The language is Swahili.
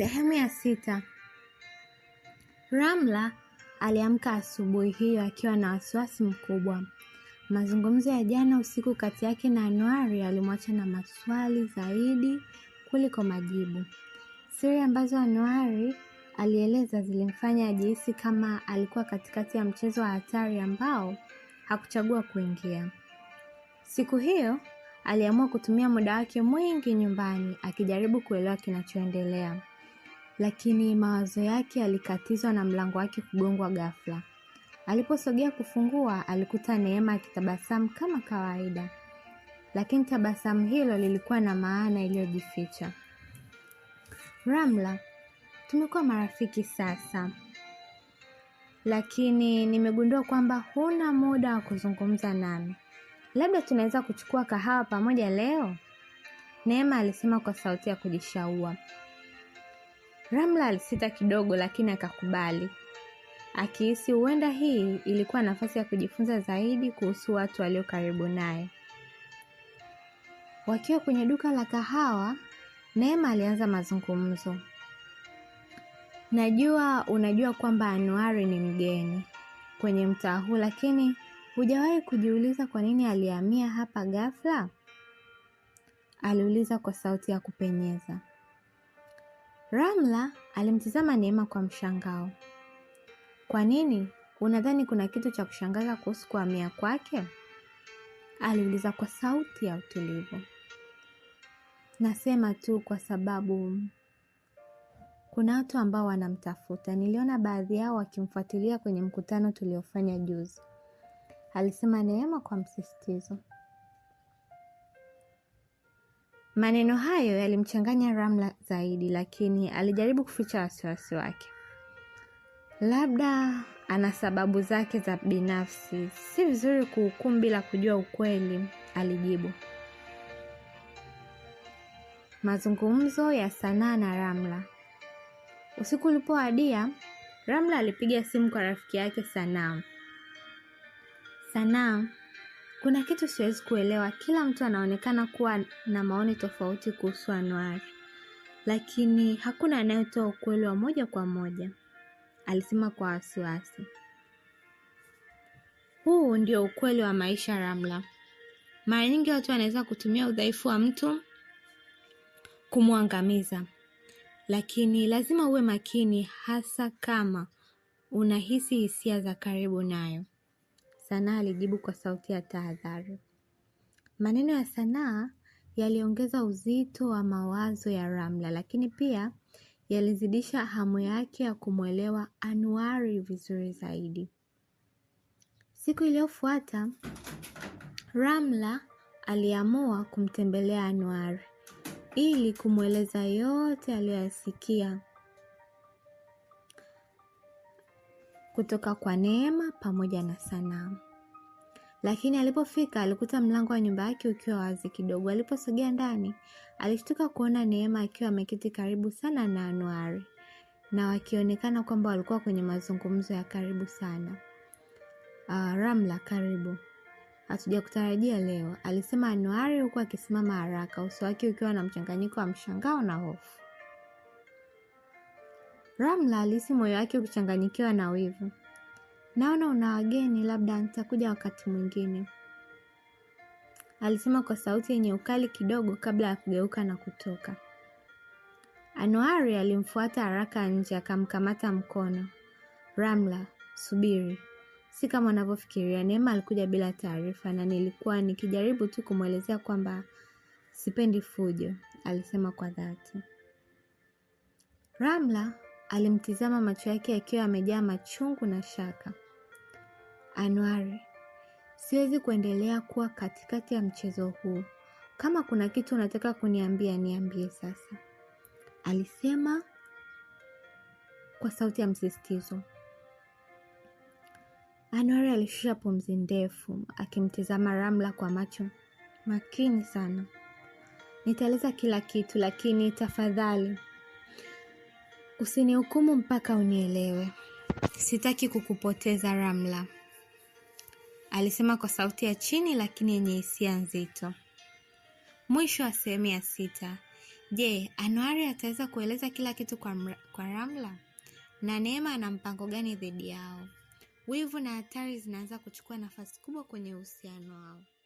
Sehemu ya sita. Ramla aliamka asubuhi hiyo akiwa na wasiwasi mkubwa. Mazungumzo ya jana usiku kati yake na Anuari alimwacha na maswali zaidi kuliko majibu. Siri ambazo anwari alieleza zilimfanya ajihisi kama alikuwa katikati ya mchezo wa hatari ambao hakuchagua kuingia. Siku hiyo aliamua kutumia muda wake mwingi nyumbani akijaribu kuelewa kinachoendelea lakini mawazo yake yalikatizwa na mlango wake kugongwa ghafla. Aliposogea kufungua, alikuta Neema akitabasamu kama kawaida, lakini tabasamu hilo lilikuwa na maana iliyojificha. Ramla, tumekuwa marafiki sasa, lakini nimegundua kwamba huna muda wa kuzungumza nami. Labda tunaweza kuchukua kahawa pamoja leo, Neema alisema kwa sauti ya kujishaua. Ramla alisita kidogo lakini akakubali, akihisi huenda hii ilikuwa nafasi ya kujifunza zaidi kuhusu watu walio karibu naye. Wakiwa kwenye duka la kahawa, Neema alianza mazungumzo. Najua unajua kwamba Anuari ni mgeni kwenye mtaa huu, lakini hujawahi kujiuliza kwa nini alihamia hapa ghafla? Aliuliza kwa sauti ya kupenyeza. Ramla alimtizama Neema kwa mshangao. Kwa nini? Unadhani kuna kitu cha kushangaza kuhusu kuhamia kwake? Aliuliza kwa sauti ya utulivu. Nasema tu kwa sababu kuna watu ambao wanamtafuta. Niliona baadhi yao wakimfuatilia kwenye mkutano tuliofanya juzi, alisema Neema kwa msisitizo. Maneno hayo yalimchanganya Ramla zaidi lakini alijaribu kuficha wasiwasi wake. Labda ana sababu zake za binafsi, si vizuri kuhukumu bila kujua ukweli, alijibu. Mazungumzo ya sanaa na Ramla. Usiku ulipoadia, Ramla alipiga simu kwa rafiki yake Sanaa. Sanaa, kuna kitu siwezi kuelewa. Kila mtu anaonekana kuwa na maoni tofauti kuhusu anuari lakini hakuna anayetoa ukweli wa moja kwa moja, alisema kwa wasiwasi. Huu ndio ukweli wa maisha, Ramla. Mara nyingi watu wanaweza kutumia udhaifu wa mtu kumwangamiza, lakini lazima uwe makini, hasa kama unahisi hisia za karibu nayo. Sanaa alijibu kwa sauti ya tahadhari. Maneno ya Sanaa yaliongeza uzito wa mawazo ya Ramla lakini pia yalizidisha hamu yake ya kumwelewa Anuari vizuri zaidi. Siku iliyofuata, Ramla aliamua kumtembelea Anuari ili kumweleza yote aliyoyasikia kutoka kwa Neema pamoja na Sanamu. Lakini alipofika alikuta mlango wa nyumba yake ukiwa wazi kidogo. Aliposogea ndani, alishtuka kuona Neema akiwa ameketi karibu sana na Anuari, na wakionekana kwamba walikuwa kwenye mazungumzo ya karibu sana. Uh, Ramla, karibu, hatujakutarajia leo, alisema Anuari huku akisimama haraka, uso wake ukiwa na mchanganyiko wa mshangao na hofu. Ramla alihisi moyo wake ukichanganyikiwa na wivu. Naona una wageni, labda nitakuja wakati mwingine, alisema kwa sauti yenye ukali kidogo kabla ya kugeuka na kutoka. Anuari alimfuata haraka nje, akamkamata mkono. Ramla, subiri, si kama unavyofikiria. Neema alikuja bila taarifa, na nilikuwa nikijaribu tu kumwelezea kwamba sipendi fujo, alisema kwa dhati. Ramla Alimtizama, macho yake yakiwa yamejaa machungu na shaka. Anwari, siwezi kuendelea kuwa katikati ya mchezo huu. Kama kuna kitu unataka kuniambia, niambie sasa, alisema kwa sauti ya msisitizo. Anwari alishusha pumzi ndefu, akimtizama Ramla kwa macho makini sana. Nitaeleza kila kitu, lakini tafadhali Usinihukumu mpaka unielewe. Sitaki kukupoteza Ramla, alisema kwa sauti ya chini lakini yenye hisia nzito. Mwisho wa sehemu ya sita. Je, Anuari ataweza kueleza kila kitu kwa, mra, kwa Ramla? Na Neema ana mpango gani dhidi yao? Wivu na hatari zinaanza kuchukua nafasi kubwa kwenye uhusiano wao.